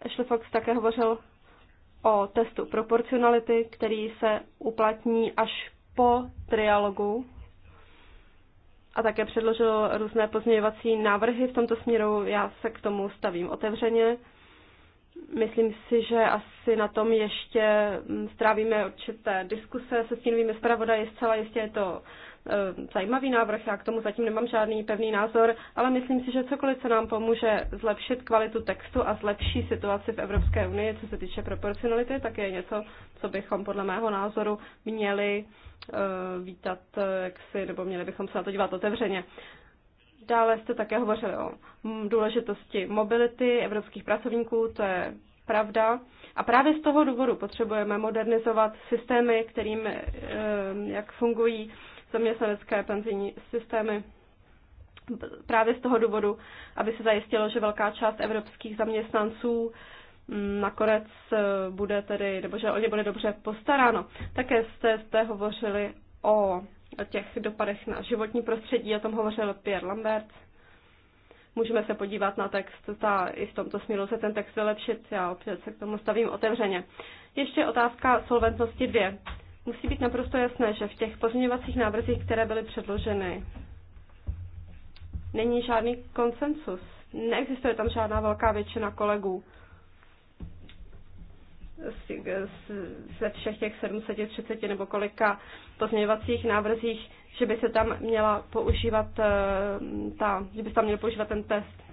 Ashley Fox také hovořil o testu proporcionality, který se uplatní až po trialogu a také předložil různé pozměňovací návrhy v tomto směru. Já se k tomu stavím otevřeně. Myslím si, že asi na tom ještě mm, strávíme určité diskuse se stínovými zpravodaji. Zcela jistě je to eh, zajímavý návrh, já k tomu zatím nemám žádný pevný názor, ale myslím si, že cokoliv se nám pomůže zlepšit kvalitu textu a zlepší situaci v Evropské unii, co se týče proporcionality, tak je něco, co bychom podle mého názoru měli eh, vítat, eh, jak si, nebo měli bychom se na to dívat otevřeně. Dále jste také hovořili o důležitosti mobility evropských pracovníků, to je pravda. A právě z toho důvodu potřebujeme modernizovat systémy, kterým, eh, jak fungují zaměstnanecké penzijní systémy. Právě z toho důvodu, aby se zajistilo, že velká část evropských zaměstnanců hm, nakonec eh, bude tedy, nebo že o ně bude dobře postaráno. Také jste, jste hovořili o těch dopadech na životní prostředí, o tom hovořil Pierre Lambert. Můžeme se podívat na text, ta, i v tomto směru se ten text vylepšit, já opět se k tomu stavím otevřeně. Ještě otázka solventnosti 2. Musí být naprosto jasné, že v těch pozměňovacích návrzích, které byly předloženy, není žádný konsensus. Neexistuje tam žádná velká většina kolegů ze všech těch 730 nebo kolika pozměňovacích návrzích, že by se tam měla používat eh, ta, že by se tam měl používat ten test.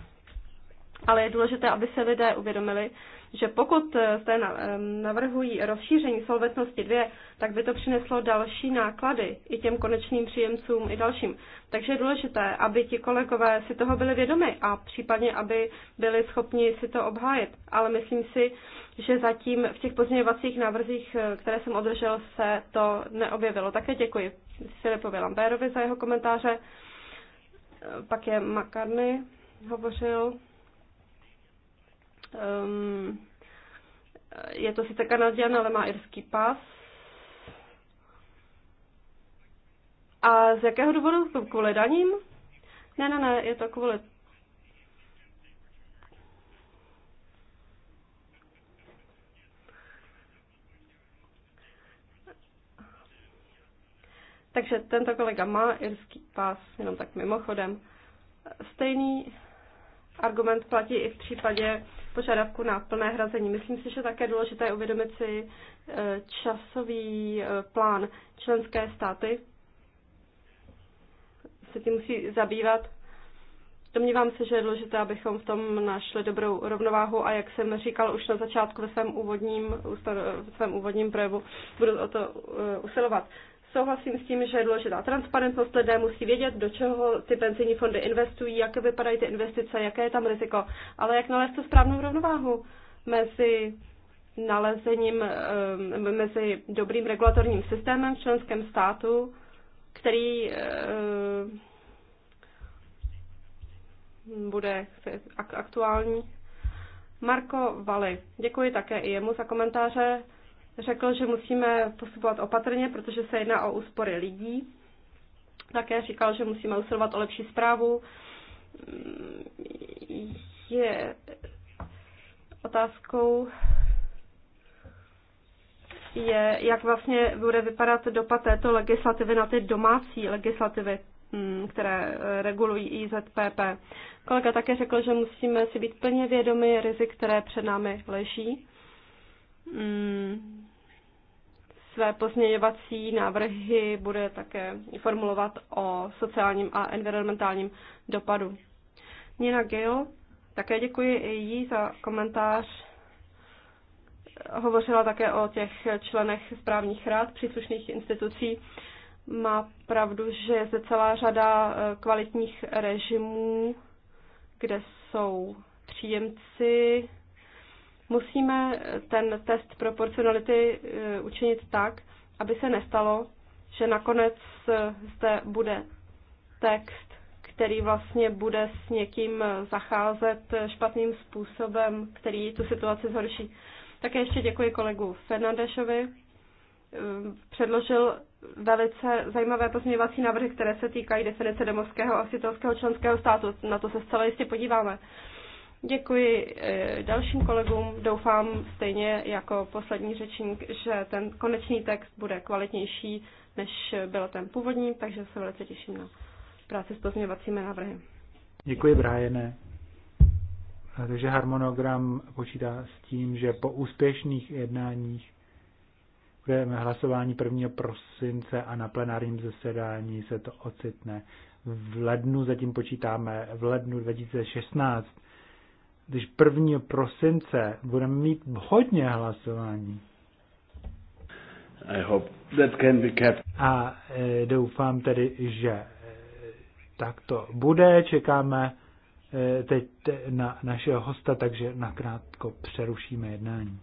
Ale je důležité, aby se lidé uvědomili, že pokud se eh, navrhují rozšíření solventnosti 2, tak by to přineslo další náklady i těm konečným příjemcům, i dalším. Takže je důležité, aby ti kolegové si toho byli vědomi a případně, aby byli schopni si to obhájit. Ale myslím si, že zatím v těch pozměňovacích návrzích, eh, které jsem održel, se to neobjevilo. Také děkuji Filipovi Lambérovi za jeho komentáře. Eh, pak je Makarny hovořil. Um, je to sice Kanaděn, ale má irský pas. A z jakého důvodu? Kvůli daním? Ne, ne, ne, je to kvůli Takže tento kolega má irský pas jenom tak mimochodem. Stejný argument platí i v případě požadavku na plné hrazení. Myslím si, že také důležité uvědomit si e, časový e, plán členské státy se tím musí zabývat. Domnívám se, že je důležité, abychom v tom našli dobrou rovnováhu a jak jsem říkal už na začátku ve svém úvodním, ve svém úvodním projevu, budu o to e, usilovat. Souhlasím s tím, že je důležitá transparentnost, lidé musí vědět, do čeho ty penzijní fondy investují, jak vypadají ty investice, jaké je tam riziko, ale jak nalézt tu správnou rovnováhu mezi nalezením, eh, mezi dobrým regulatorním systémem v členském státu, který eh, bude aktuální. Marko Vali, děkuji také i jemu za komentáře řekl, že musíme postupovat opatrně, protože se jedná o úspory lidí. Také říkal, že musíme usilovat o lepší zprávu. Je otázkou, je, jak vlastně bude vypadat dopad této legislativy na ty domácí legislativy, hmm, které eh, regulují IZPP. Kolega také řekl, že musíme si být plně vědomi rizik, které před námi leží. Mm. své pozměňovací návrhy bude také formulovat o sociálním a environmentálním dopadu. Nina Gill, také děkuji i jí za komentář. Hovořila také o těch členech správních rád příslušných institucí. Má pravdu, že je zde celá řada e, kvalitních režimů, kde jsou příjemci Musíme ten test proporcionality eh, učinit tak, aby se nestalo, že nakonec eh, zde bude text, který vlastně bude s někým eh, zacházet špatným způsobem, který tu situaci zhorší. Také ještě děkuji kolegu Fernandešovi. Předložil velice zajímavé pozměňovací návrhy, které se týkají definice demovského a světovského členského státu. Na to se zcela jistě podíváme. Děkuji eh, dalším kolegům. Doufám stejně jako poslední řečník, že ten konečný text bude kvalitnější, než byl ten původní, takže se velice těším na práci s pozměňovacími návrhy. Děkuji, Brájene. Takže harmonogram počítá s tím, že po úspěšných jednáních budeme hlasování 1. prosince a na plenárním zasedání se to ocitne v lednu, zatím počítáme v lednu 2016 když 1. prosince budeme mít hodně hlasování. I hope that can be kept. A e, doufám tedy, že e, tak to bude. Čekáme e, teď na našeho hosta, takže nakrátko přerušíme jednání.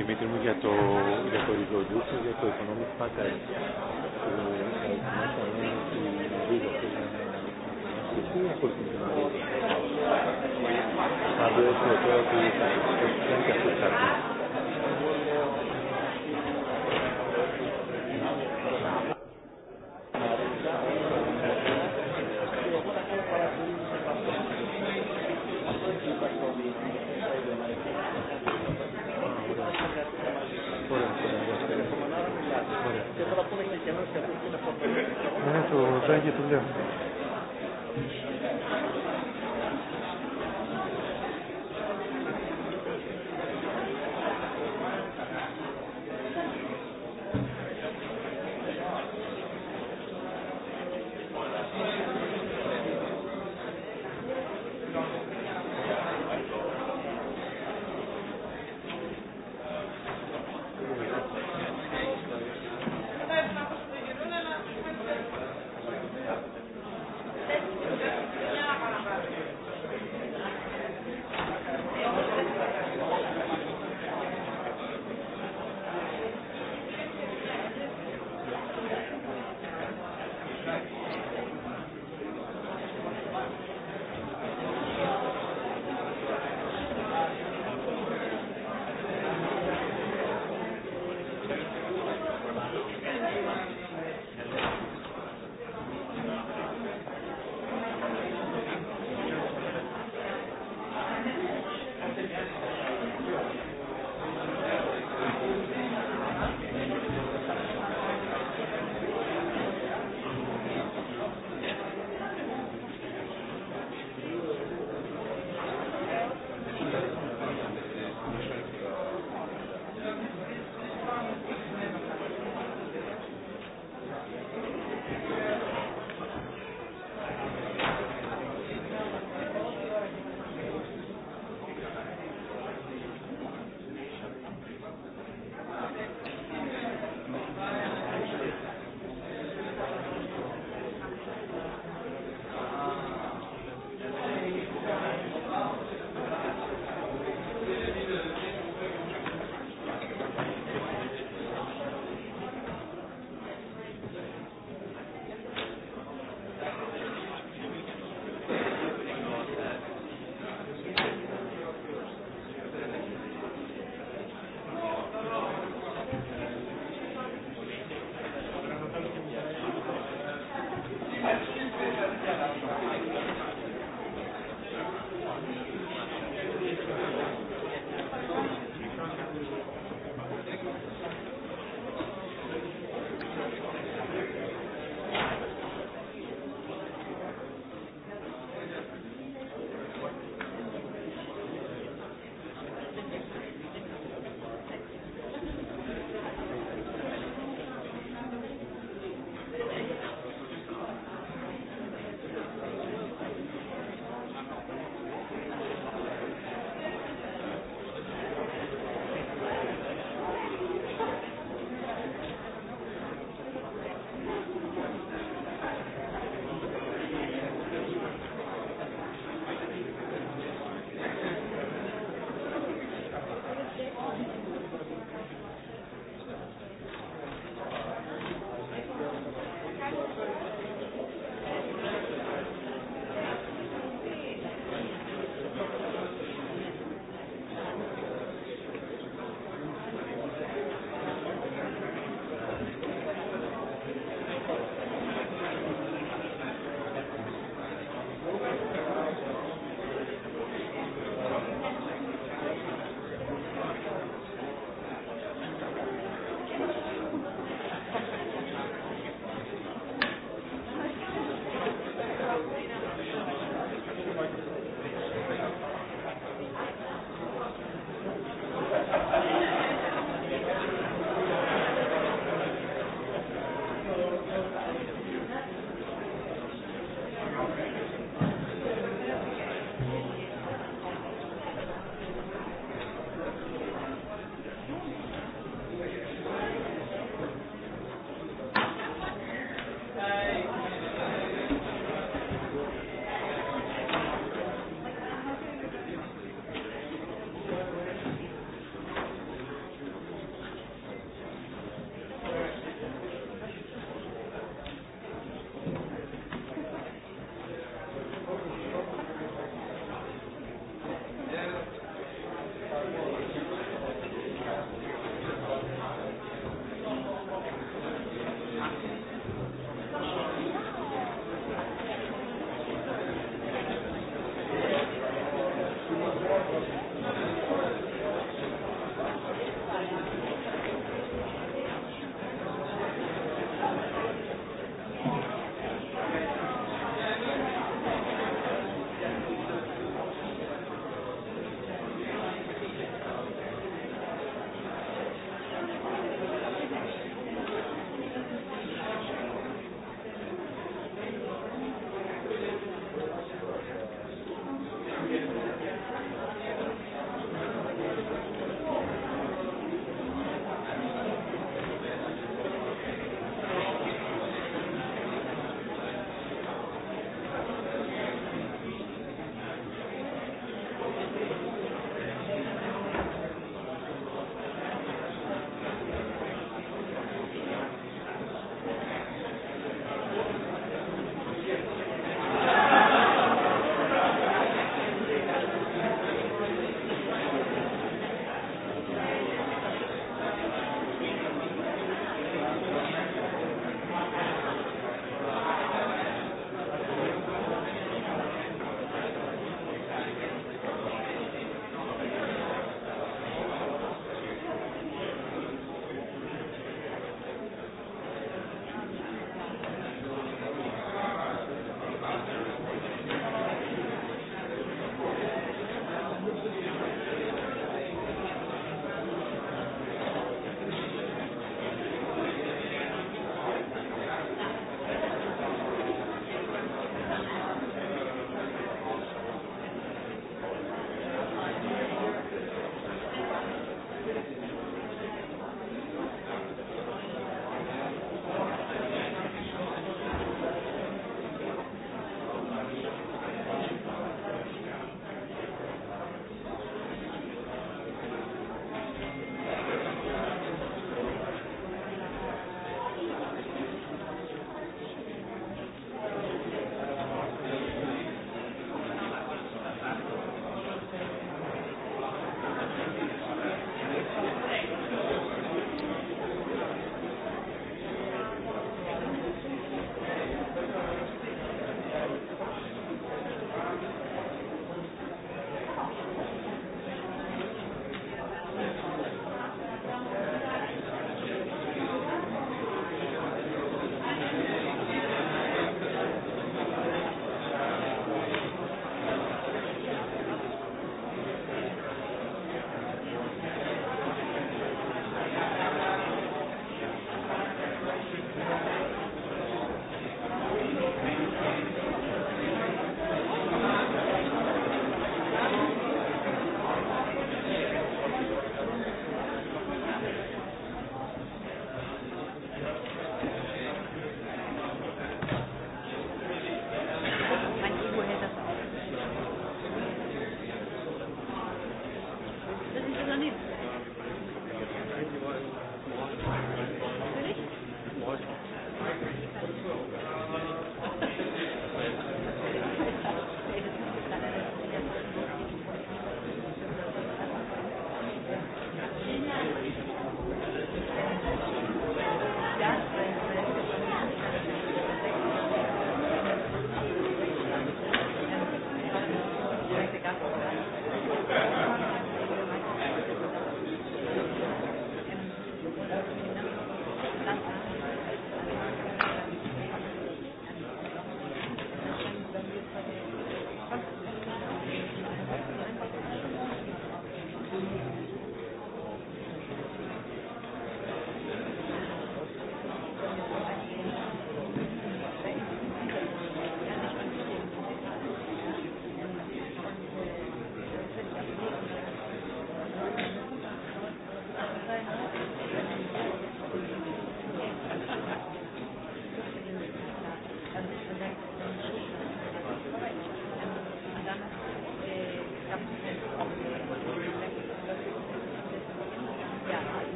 Δημήτρη μου για το, για το Revolution, για το Economic Package που έκανε τη Βίδα. Τι έχω στην Βίδα. Θα δω έτσι ότι θα κάνει και αυτό το minutes, we'll try to get to them.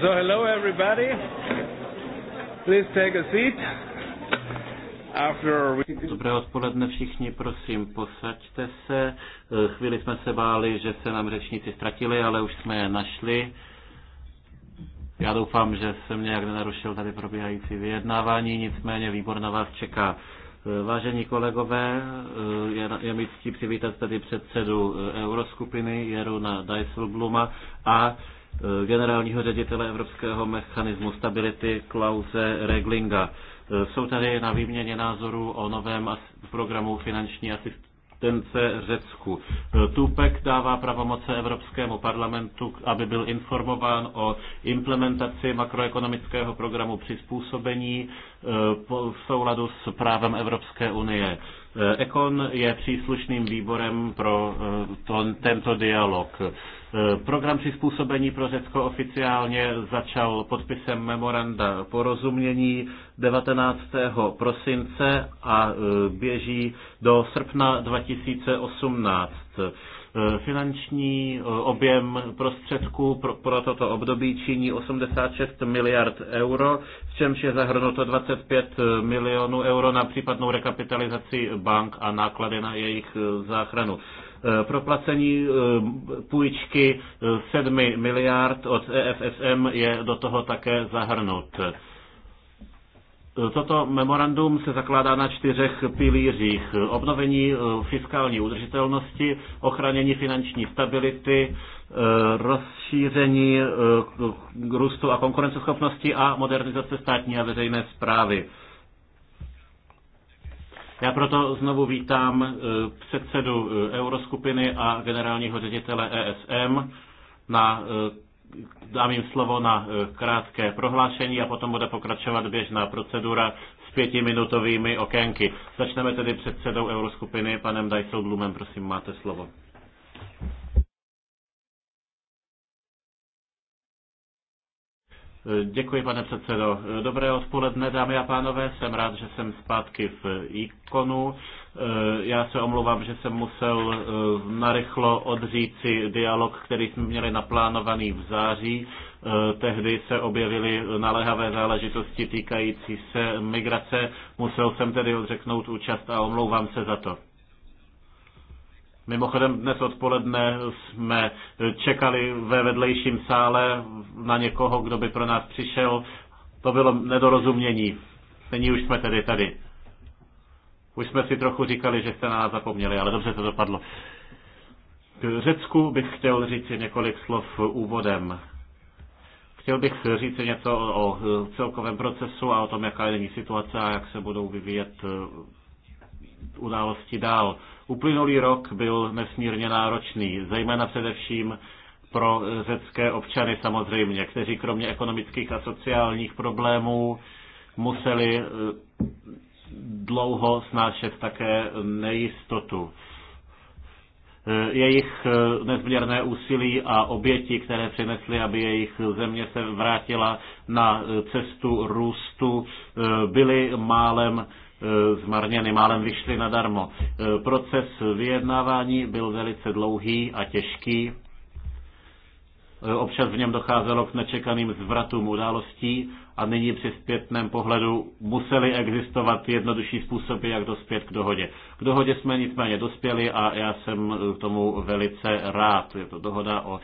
so hello everybody. Please take a seat. After we... Dobré odpoledne všichni, prosím, posaďte se. Eh, chvíli jsme se báli, že se nám řečníci ztratili, ale už jsme je našli. Já doufám, že jsem nějak nenarušil tady probíhající vyjednávání, nicméně výbor na vás čeká. Eh, vážení kolegové, eh, je, je mi ctí přivítat tady předsedu Euroskupiny Jeruna Dijsselbluma a Eh, generálního ředitele Evropského mechanismu stability Klause Reglinga. Eh, jsou tady na výměně názorů o novém programu finanční asistence Řecku. Eh, Tupek dává pravomoce Evropskému parlamentu, aby byl informován o implementaci makroekonomického programu přizpůsobení v souladu s právem Evropské unie. Ekon je příslušným výborem pro tento dialog. E, program přizpůsobení pro Řecko oficiálně začal podpisem memoranda porozumění 19. prosince a e, běží do srpna 2018 e, finanční objem prostředků pro, pro toto období činí 86 miliard euro, v čemž je zahrnuto 25 milionů euro na případnou rekapitalizaci bank a náklady na jejich záchranu. Eh, proplacení eh, půjčky 7 eh, miliard od EFSM je do toho také zahrnut. Toto memorandum se zakládá na čtyřech pilířích. Obnovení fiskální udržitelnosti, ochranění finanční stability, rozšíření růstu a konkurenceschopnosti a modernizace státní a veřejné zprávy. Já proto znovu vítám eh, předsedu eh, Euroskupiny a generálního ředitele ESM na eh, dám jim slovo na krátké prohlášení a potom bude pokračovat běžná procedura s pětiminutovými okénky. Začneme tedy předsedou Euroskupiny, panem Dijsselblumem, prosím, máte slovo. Děkuji, pane předsedo. Dobré odpoledne, dámy a pánové. Jsem rád, že jsem zpátky v ikonu. Já se omlouvám, že jsem musel eh, narychlo odříci dialog, který jsme měli naplánovaný v září. Eh, tehdy se objevily naléhavé záležitosti týkající se migrace. Musel jsem tedy odřeknout účast a omlouvám se za to. Mimochodem dnes odpoledne jsme čekali ve vedlejším sále na někoho, kdo by pro nás přišel. To bylo nedorozumění. Není už jsme tedy tady. Už jsme si trochu říkali, že jste na nás zapomněli, ale dobře to dopadlo. K Řecku bych chtěl říct několik slov úvodem. Chtěl bych říct něco o celkovém procesu a o tom, jaká je nyní situace a jak se budou vyvíjet události dál. Uplynulý rok byl nesmírně náročný, zejména především pro eh, řecké občany samozřejmě, kteří kromě ekonomických a sociálních problémů museli eh, dlouho snášet také nejistotu. Eh, jejich nezměrné úsilí a oběti, které přinesly, aby jejich země se vrátila na cestu růstu, byly málem Eh, zmarněny, málem vyšly nadarmo. Eh, proces vyjednávání byl velice dlouhý a těžký. Eh, občas v něm docházelo k nečekaným zvratům událostí a nyní při zpětném pohledu museli existovat jednodušší způsoby, jak dospět k dohodě. K dohodě jsme nicméně dospěli a já jsem tomu velice rád. Je to dohoda o,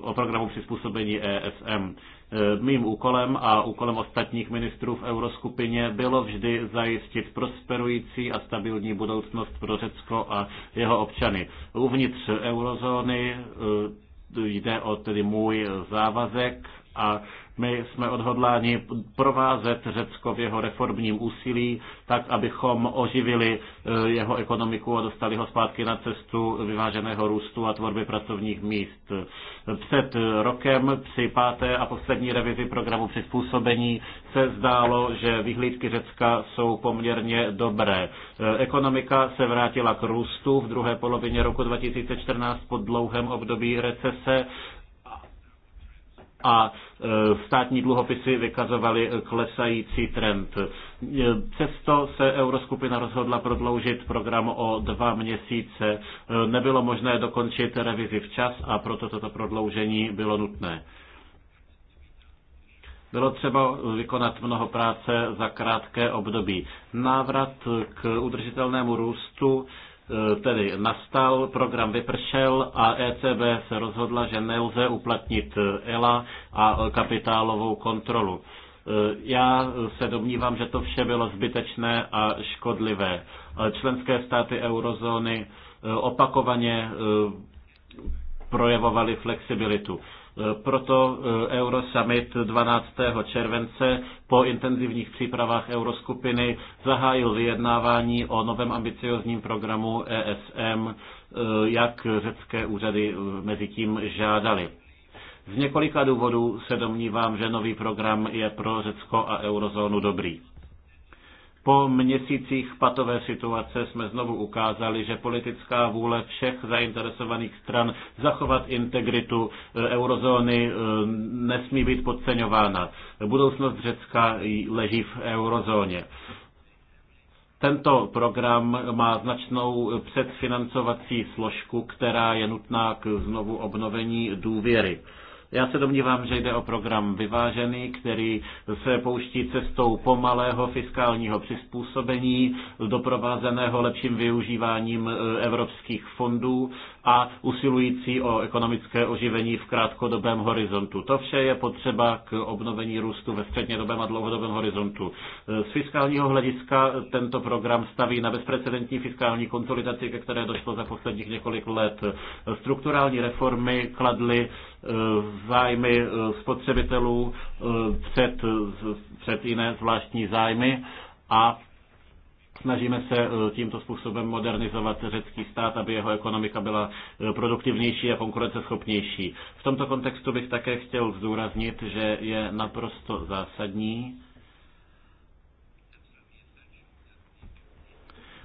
o programu přizpůsobení ESM. Eh, mým úkolem a úkolem ostatních ministrů v euroskupině bylo vždy zajistit prosperující a stabilní budoucnost pro Řecko a jeho občany. Uvnitř eurozóny eh, jde o tedy můj závazek a my jsme odhodláni provázet Řecko v jeho reformním úsilí, tak abychom oživili e, jeho ekonomiku a dostali ho zpátky na cestu vyváženého růstu a tvorby pracovních míst. Před rokem při páté a poslední revizi programu přizpůsobení se zdálo, že vyhlídky Řecka jsou poměrně dobré. E, ekonomika se vrátila k růstu v druhé polovině roku 2014 po dlouhém období recese a e, státní dluhopisy vykazovaly e, klesající trend. E, přesto se Euroskupina rozhodla prodloužit program o dva měsíce. Nebylo možné dokončit revizi včas a proto toto prodloužení bylo nutné. Bylo třeba vykonat mnoho práce za krátké období. Návrat k udržitelnému růstu Eh, tedy nastal, program vypršel a ECB se rozhodla, že nelze uplatnit eh, ELA a eh, kapitálovou kontrolu. Já se domnívám, že to vše bylo zbytečné a škodlivé. Členské státy eurozóny opakovaně projevovali flexibilitu. Proto eh, Eurosummit 12. července po intenzivních přípravách euroskupiny zahájil vyjednávání o novém ambiciozním programu ESM, eh, jak řecké úřady eh, mezi tím žádali. Z několika důvodů se domnívám, že nový program je pro Řecko a eurozónu dobrý. Po měsících patové situace jsme znovu ukázali, že politická vůle všech zainteresovaných stran zachovat integritu eh, eurozóny eh, nesmí být podceňována. Budoucnost Řecka leží v eurozóně. Tento program má značnou předfinancovací složku, která je nutná k znovu obnovení důvěry. Já se domnívám, že jde o program vyvážený, který se pouští cestou pomalého fiskálního přizpůsobení, doprovázeného lepším využíváním e, evropských fondů a usilující o ekonomické oživení v krátkodobém horizontu. To vše je potřeba k obnovení růstu ve střednědobém a dlouhodobém horizontu. Z fiskálního hlediska tento program staví na bezprecedentní fiskální konsolidaci, ke které došlo za posledních několik let. Strukturální reformy kladly e, zájmy e, spotřebitelů e, před, před jiné zvláštní zájmy a Snažíme se eh, tímto způsobem modernizovat řecký stát, aby jeho ekonomika byla eh, produktivnější a konkurenceschopnější. V tomto kontextu bych také chtěl zdůraznit, že je naprosto zásadní,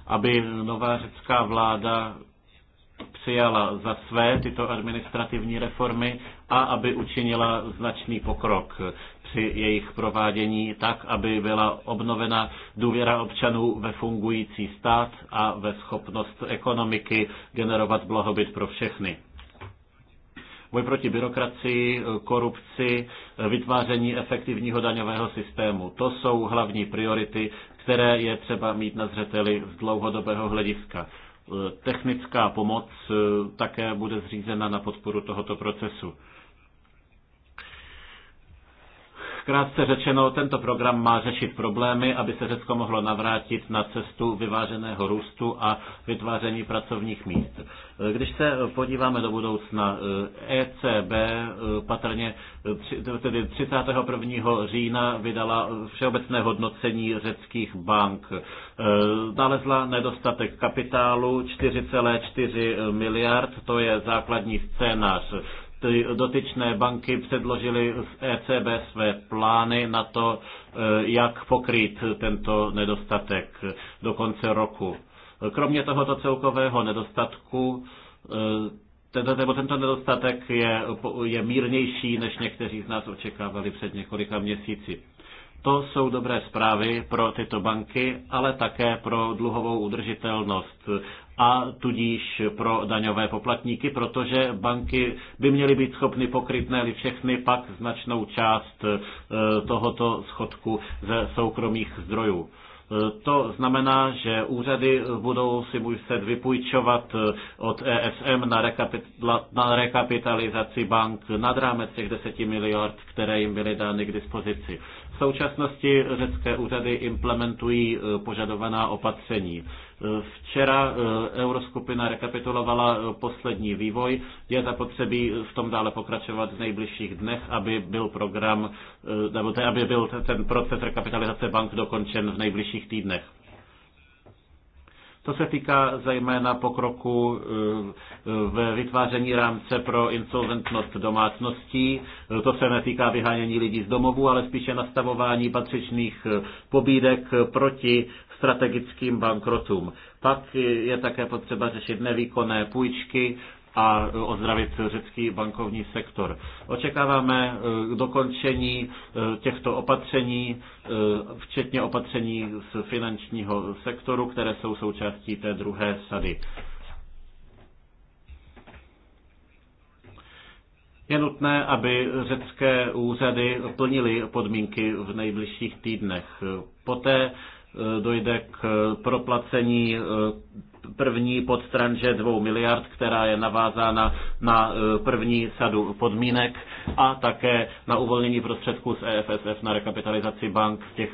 aby nová řecká vláda přijala za své tyto administrativní reformy a aby učinila značný pokrok při jejich provádění tak, aby byla obnovena důvěra občanů ve fungující stát a ve schopnost ekonomiky generovat blahobyt pro všechny boj proti byrokracii, korupci, vytváření efektivního daňového systému. To jsou hlavní priority, které je třeba mít na zřeteli z dlouhodobého hlediska. Technická pomoc eh, také bude zřízena na podporu tohoto procesu. Krátce řečeno, tento program má řešit problémy, aby se Řecko mohlo navrátit na cestu vyváženého růstu a vytváření pracovních míst. Když se podíváme do budoucna, ECB patrně tedy 31. října vydala všeobecné hodnocení řeckých bank. Nalezla nedostatek kapitálu 4,4 miliard, to je základní scénář ty dotyčné banky předložily z ECB své plány na to, eh, jak pokrýt tento nedostatek do konce roku. Kromě tohoto celkového nedostatku eh, tento, nebo tento nedostatek je, je mírnější, než někteří z nás očekávali před několika měsíci. To jsou dobré zprávy pro tyto banky, ale také pro dluhovou udržitelnost a tudíž pro daňové poplatníky, protože banky by měly být schopny pokryt ne všechny pak značnou část e, tohoto schodku ze soukromých zdrojů. E, to znamená, že úřady budou si muset vypůjčovat e, od ESM na rekapitalizaci bank nad rámec těch 10 miliard, které jim byly dány k dispozici. V současnosti řecké úřady implementují e, požadovaná opatření. E, včera e, Euroskupina rekapitulovala poslední vývoj. Je zapotřebí v tom dále pokračovat v nejbližších dnech, aby byl program, aby byl ten proces rekapitalizace bank dokončen v nejbližších týdnech. To se týká zejména pokroku eh, ve vytváření rámce pro insolventnost domácností. To se netýká vyhánění lidí z domovů, ale spíše nastavování patřičných eh, pobídek proti strategickým bankrotům. Pak je také potřeba řešit nevýkonné půjčky, a ozdravit řecký bankovní sektor. Očekáváme e, dokončení e, těchto opatření, e, včetně opatření z finančního sektoru, které jsou součástí té druhé sady. Je nutné, aby řecké úřady plnily podmínky v nejbližších týdnech. Poté dojde k proplacení první podstranže dvou miliard, která je navázána na e, první sadu podmínek a také na uvolnění prostředků z EFSF na rekapitalizaci bank v těch